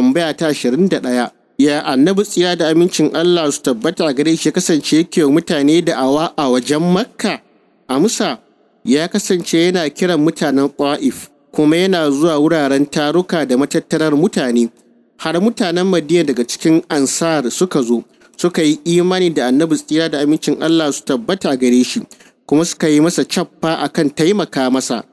tambaya ta 21 ya annabi tsiya da amincin Allah su tabbata gare shi kasance yake mutane da awa a wajen makka amsa ya kasance yana kiran mutanen Kwaif, kuma yana zuwa wuraren taruka da matattarar mutane har mutanen madina daga cikin ansar suka zo suka yi imani da annabi tsira da amincin Allah su tabbata gare shi kuma suka yi masa cappa akan taimaka masa